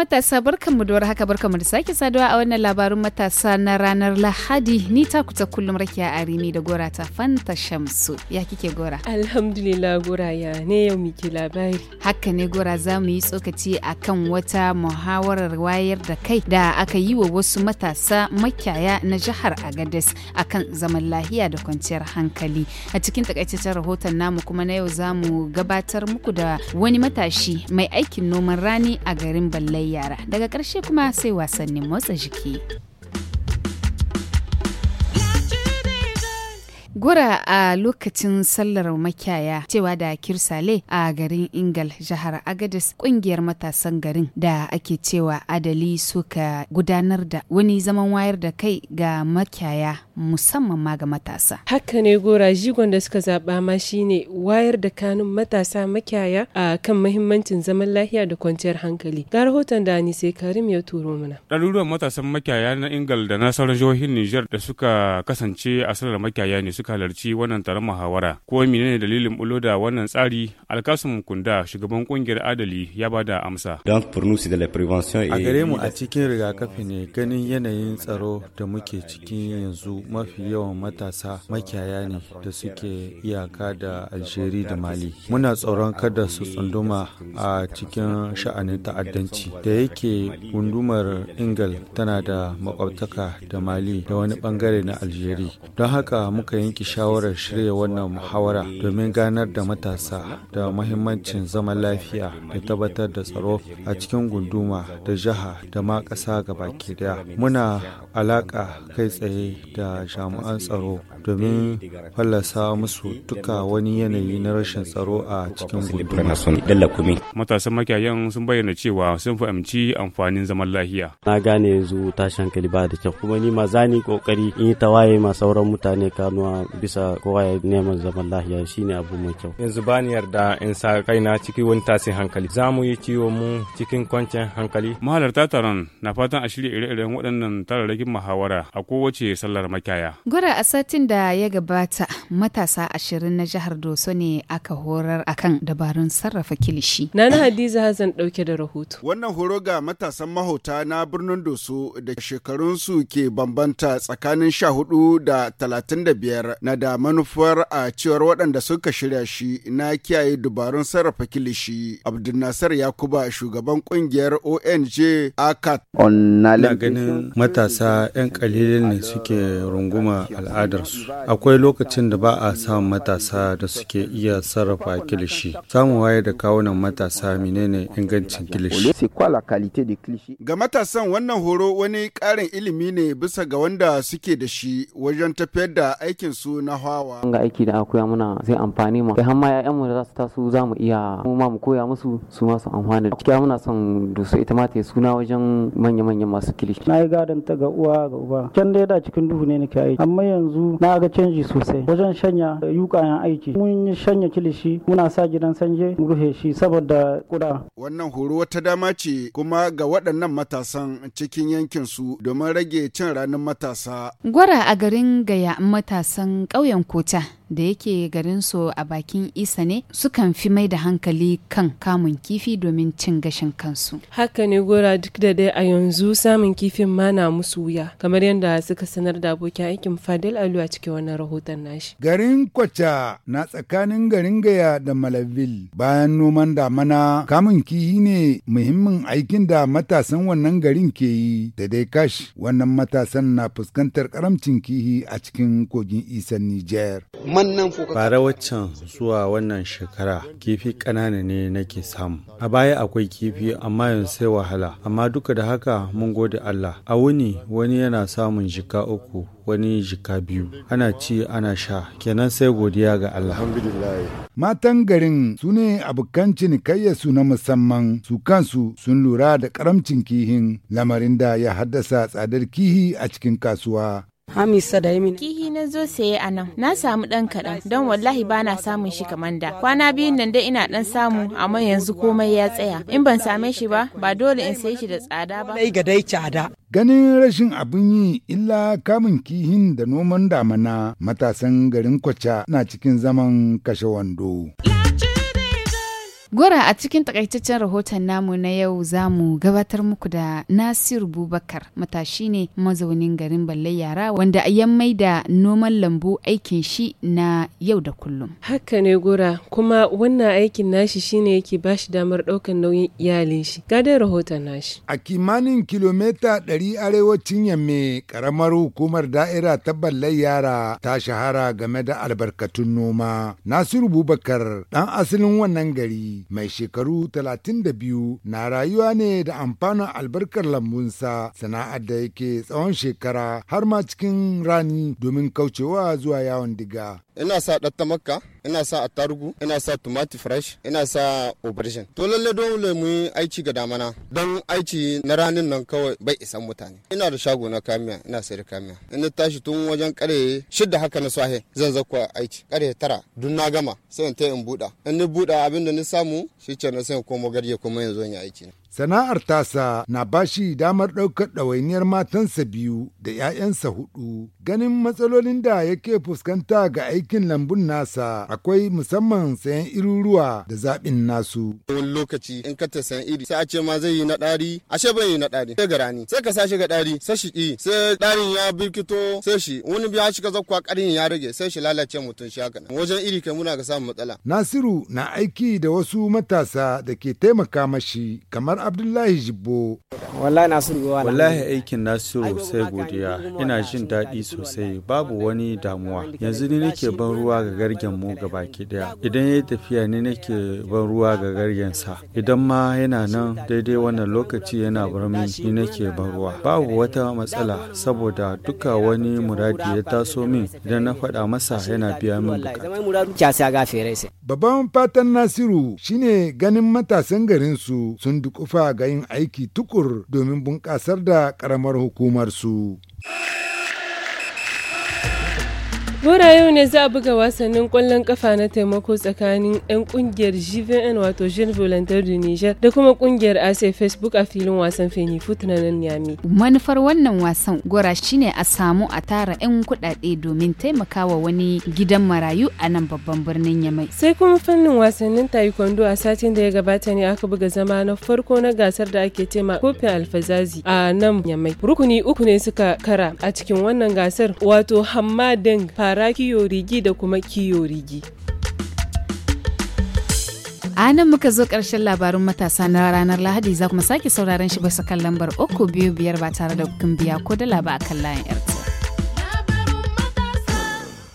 matasa barkanmu da haka barkanmu da sake saduwa a wannan labarin matasa na ranar Lahadi ni ta kuta kullum rakiya arimi da gora ta Fanta Shamsu. Ya kike gora? Alhamdulillah gora ya ne yau muke labari. Haka ne gora za mu yi tsokaci akan wata muhawarar wayar da kai da aka yi wa wasu matasa makyaya na jihar Agadez akan zaman lahiya da kwanciyar hankali. A cikin takaitaccen rahoton namu kuma na yau za mu gabatar muku da wani matashi mai aikin noman rani a garin Ballai yara daga ƙarshe kuma sai wasannin motsa jiki. Gura a lokacin sallar makiyaya cewa da Kirsale a garin Ingal jihar Agadis kungiyar matasan garin da ake cewa Adali suka gudanar da wani zaman wayar da kai ga makiyaya musamman ma ga matasa. Haka ne gora jigon da suka zaɓa ma shine wayar da kanun matasa makiyaya a kan muhimmancin zaman lafiya da kwanciyar hankali. Ga rahoton da ni sai Karim ya turo mana. Ɗaruruwan matasan makiyaya na Ingal da na sauran jihohin Nijar da suka kasance a sallar makiyaya ne suka halarci wannan taron muhawara. Ko menene dalilin bulo da wannan tsari? Alkasum Kunda, shugaban kungiyar Adali, ya ba da amsa. A gare mu a cikin rigakafi ne ganin yanayin tsaro da muke ciki yanzu mafi yawan matasa makiyaya ne da suke iyaka da Algeria da Mali. Muna tsoron kada su tsunduma a cikin sha'anin ta'addanci da yake gundumar Ingal tana da makwabtaka da Mali da wani bangare na Algeria. Don haka muka yanke yanke shawarar shirya wannan muhawara domin ganar da matasa da mahimmancin zaman lafiya da tabbatar da tsaro a cikin gunduma da jiha da ma ƙasa baki daya. Muna alaƙa kai tsaye da jami'an tsaro domin fallasa musu duka wani yanayi na rashin tsaro a cikin gunduma. Matasan makiyayen sun bayyana cewa sun fahimci amfanin zaman lafiya. Na gane yanzu tashin hankali da kyau kuma ni ma zani kokari in yi tawaye ma sauran mutane kanuwa bisa kowa ya neman zaman lahiya shine abu mai kyau yanzu ba ni yarda in sa kaina cikin wani tasirin hankali za mu yi ciwo mu cikin kwanciyar hankali mahalarta taron na fatan a shirya ire-iren waɗannan tararrakin muhawara a kowace sallar makiyaya gura a satin da ya gabata matasa ashirin na jihar doso ne aka horar a kan dabarun sarrafa kilishi nana hadiza hazan ɗauke da rahoto wannan horo ga matasan mahauta na birnin doso da shekarunsu ke bambanta tsakanin sha hudu da talatin da biyar na da manufar a cewar waɗanda suka shirya shi na kiyaye dubarun sarrafa kilishi. Abdulnasar Yakuba shugaban ƙungiyar ONG akat Ina ganin matasa 'yan kalilin ne suke runguma al'adarsu. Akwai lokacin da ba a samun matasa da suke iya sarrafa kilishi. Samun waye da kawunan matasa menene ingancin kilishi. Ga matasan wannan horo wani ƙarin ilimi ne bisa ga wanda suke da shi wajen tafiyar da aikin su na hawa ga aiki da akuya muna sai amfani ma kai har ma mu da za su taso za mu iya mu ma mu koya musu su ma su amfana gaskiya muna son su ita ma ta suna wajen manya manyan masu kilishi na yi gadon ta ga uwa ga uba can da da cikin duhu ne nake aiki amma yanzu na ga canji sosai wajen shanya yukayen aiki mun yi shanya kilishi muna sa gidan sanje mu rufe shi saboda kuda wannan horo wata dama ce kuma ga waɗannan matasan cikin yankin su domin rage cin ranar matasa gwara a garin gaya matasan ɗan ƙauyen kota da yake garinsu a bakin isa ne sukan fi mai da hankali kan kamun kifi domin cin gashin kansu haka ne gora duk da dai a yanzu samun kifin ma na musu wuya kamar yadda suka sanar da abokin aikin fadil alu a cikin wannan rahoton nashi garin kwacha na tsakanin garin gaya da malavil bayan noman damana kamun kifi ne muhimmin aikin da matasan wannan garin ke yi da dai kash wannan matasan na fuskantar karamcin kihi a cikin kogin isan niger bara waccan zuwa wannan shekara kifi ƙanana ne nake samu a baya akwai kifi amma yanzu sai wahala amma duka da haka mun gode allah a wuni wani yana samun jika uku wani jika biyu ana ci ana sha kenan sai godiya ga Allah. Matan garin su ne abokan cinikayyarsu na musamman su kansu sun lura da karamcin kihin lamarin da ya haddasa tsadar kihi a cikin kasuwa. Hamisa da Kihi na zo saye a nan na samu dan kaɗan don wallahi ba na samun shi kamar da kwana biyun nan dai ina dan samu amma yanzu komai ya tsaya in ban same shi ba ba dole in sai shi da tsada ba. Dai ga dai tsada. Ganin rashin abin yi illa kamun kihin da noman damana matasan garin kwacha na cikin zaman kashe wando. Gora a cikin takaitaccen rahoton namu na yau za mu gabatar muku da Nasiru Bubakar matashi ne mazaunin garin Balle Yara wanda a mai da noman lambu aikin shi na yau da kullum. Haka ne Gora kuma wannan aikin nashi shine yake ba shi damar ɗaukan nauyin iyalin shi. Gadon rahoton nashi. A kimanin kilomita ɗari arewacin yamme karamar hukumar da'ira ta Balle Yara ta shahara game da albarkatun noma. Nasiru Bubakar ɗan asalin wannan gari mai shekaru 32 na rayuwa ne da amfanin albarkar lambunsa sana'ar da yake tsawon shekara har ma cikin rani domin kaucewa zuwa yawon diga. ina sa ɗatta makka ina sa attarugu ina sa tumati fresh ina sa aubergine to lalle dole mu aici ga damana don aici na ranin nan kawai bai isa mutane ina da shago na kamiya ina sayar kamiya ina tashi tun wajen kare shidda haka na swahe zan zakwa aici kare tara dun na gama sai in ta in buɗa in ni buɗa abin da ni samu shi ce na sai in komo garje kuma yanzu in yi aiki Sana'ar tasa na bashi damar ɗaukar ɗawainiyar matansa biyu da 'ya'yansa hudu. Ganin matsalolin da yake fuskanta ga aikin lambun nasa akwai musamman sayan iruruwa da zaɓin nasu. Wani lokaci in ka ta sayan iri sai a ce ma zai yi na ɗari, ashe bai yi na ɗari sai garani sai ka sashi ga ɗari sai shi ɗi sai ɗarin ya birkito sai shi wani biya shi ka zakwa ƙarin ya rage sai shi lalace mutum shi haka wajen iri kai muna ga samun matsala. Nasiru na aiki da wasu matasa da ke taimaka mashi kamar Abdullahi Jibbo. Wallahi aikin Nasiru sai godiya. Ina jin daɗi sosai babu wani damuwa. Yanzu ni nake ban ruwa ga gargen mu baki daya. Idan ya yi tafiya ni nake ban ruwa ga gargen sa. Idan ma yana nan daidai wannan lokaci yana barmin ni nake ban ruwa. Babu wata matsala saboda duka wani muradi ya taso min idan na faɗa masa yana biya min bukata. Babban fatan Nasiru shine ganin matasan garin su sun dukufa ga yin aiki tukur domin bunƙasar da ƙaramar hukumarsu. Bora yau ne za a buga wasannin kwallon kafa na taimako tsakanin 'yan kungiyar GVN wato Jean Volunteer du Niger da kuma kungiyar ase Facebook a filin wasan Fenifut na nan Yami. Manufar wannan wasan gora shine a samu a tara 'yan kuɗaɗe domin taimakawa wani gidan marayu a nan babban birnin Yamai. Sai kuma fannin wasannin taekwondo a satin da ya gabata ne aka buga zama na farko na gasar da ake tema kofin alfazazi a nan Yamai. Rukuni uku ne suka kara a cikin wannan gasar wato Hamadeng Fara Kiyorigi da kuma Kiyorigi. A nan muka zo ƙarshen labarin matasa na ranar Lahadi za kuma sake sauraron shi bisa kan lambar uku biyu biyar ba tare da kun ko dala ba a kan layin